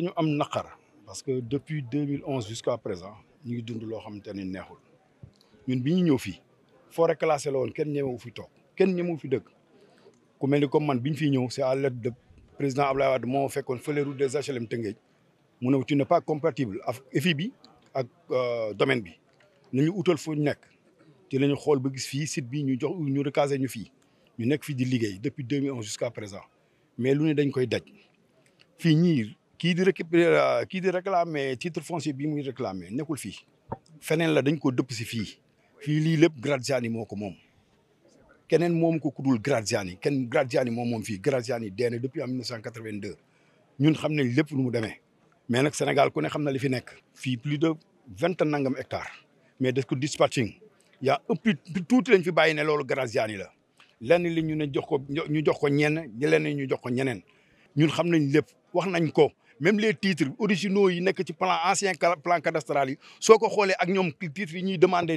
dañu am naqar parce que depuis 2011 jusqu'à présent ñu ngi dund loo xamante ne neexul ñun bi ñu ñëw fii forêt classée la woon kenn ñemewu fi toog kenn ñemewu fi dëkk ku mel ni comme man bi fi fiy ñëw c'est à l'aide de président Ablaye Wade moo fekkoon fële route des HLM Tëngéej mu ne tu n'es pas compatible ak EFI bi ak euh, domaine bi nañu utal fu ñu nekk ci la ñu xool ba gis fii site bi ñu jox ñu recaser ñu fii ñu nekk fii di liggéey depuis 2011 jusqu'à présent mais lu ne dañ koy daj fii ñii kii di récupérer euh, kii di réclamer titre foncier bi muy réclamer nekul fi fenen la dañ ko dëpp ci fi fi li lepp Graziani moko mom kenen mom ko kudul Graziani ken Graziani mom mom fi Graziani dee depuis en 1982 ñun xam lepp lu mu demee mais nak Sénégal ku ne xam li fi nek fi plus de 20 nangam hectares mais def ko dispatching yaa ëpp tout lañ fi bayiné lolu Graziani la lenn li ñu né jox ko ñu jox ko ñenn ñeneen ñu jox ko ñenen ñun xam nañ lépp wax nañ ko même les titres originaux yi nek ci plan ancien plan cadastral yi soko xolé ak ñom titres yi demandé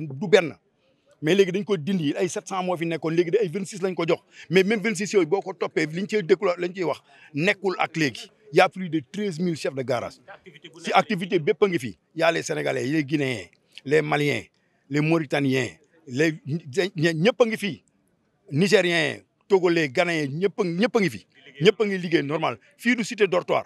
mais dañ ko dindi 700 fi 26 lañ mais même 26 liñ lañ wax nekkul ak il y' a plus de 13000 chefs de garage si activité bépp nga y' a les sénégalais les guinéens les maliens les mauritaniens les ñepp togolais ghanéens normal du cité dortoir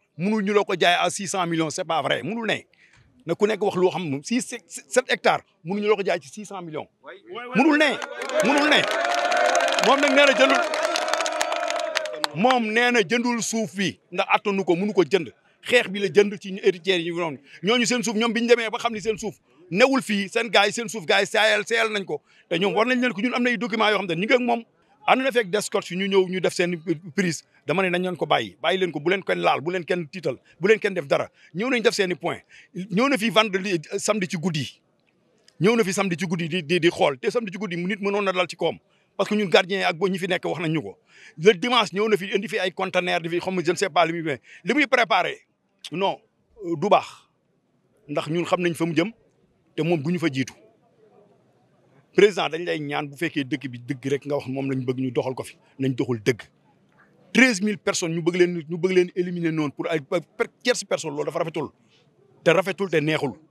ñu à 600 millions c'est pas vrai mënul ne na ku nekk wax six sept hectares mënuñu millions mënul ne mënul pas. moom nag na jëndul moom nee na jëndul suuf bi ndax attanu ko mënu ko jënd xex bi la jënd ci yi seen suuf ñom biñu démé ba seen suuf néwul pas seen gaay seen suuf gaay nañ ko té war nañ leen ñun documents ànd na fekk d'escorte ñu ñew ñu def sen prise dama ne nañ leen ko bayyi bàyyi len ko bu len kenn laal bu len kenn tiital bu len kenn def dara ñew nañ def sen point ñew na fi vendredi samedi ci goudi ñew na fi samedi ci goudi di di xol te samedi ci goudi mu nit mënon na dal ci kom parce que ñun gardien ak bo ñi fi nek wax nañ ñuko le dimanche ñew na fi indi fi ay conteneur di fi xam je ne sais pas limuy muy li muy non du bax ndax ñun xam nañ fa mu jëm te mom buñu fa jitu président dañ lay ñaan bu fekkee dëkk bi dëgg rek nga wax moom lañ bëgg ñu doxal ko fi nañ doxul dëgg treize mille personnes ñu bëgg leen ñu bëgg leen éliminer noonu pour ay tierce personne loolu dafa rafetul te rafetul te neexul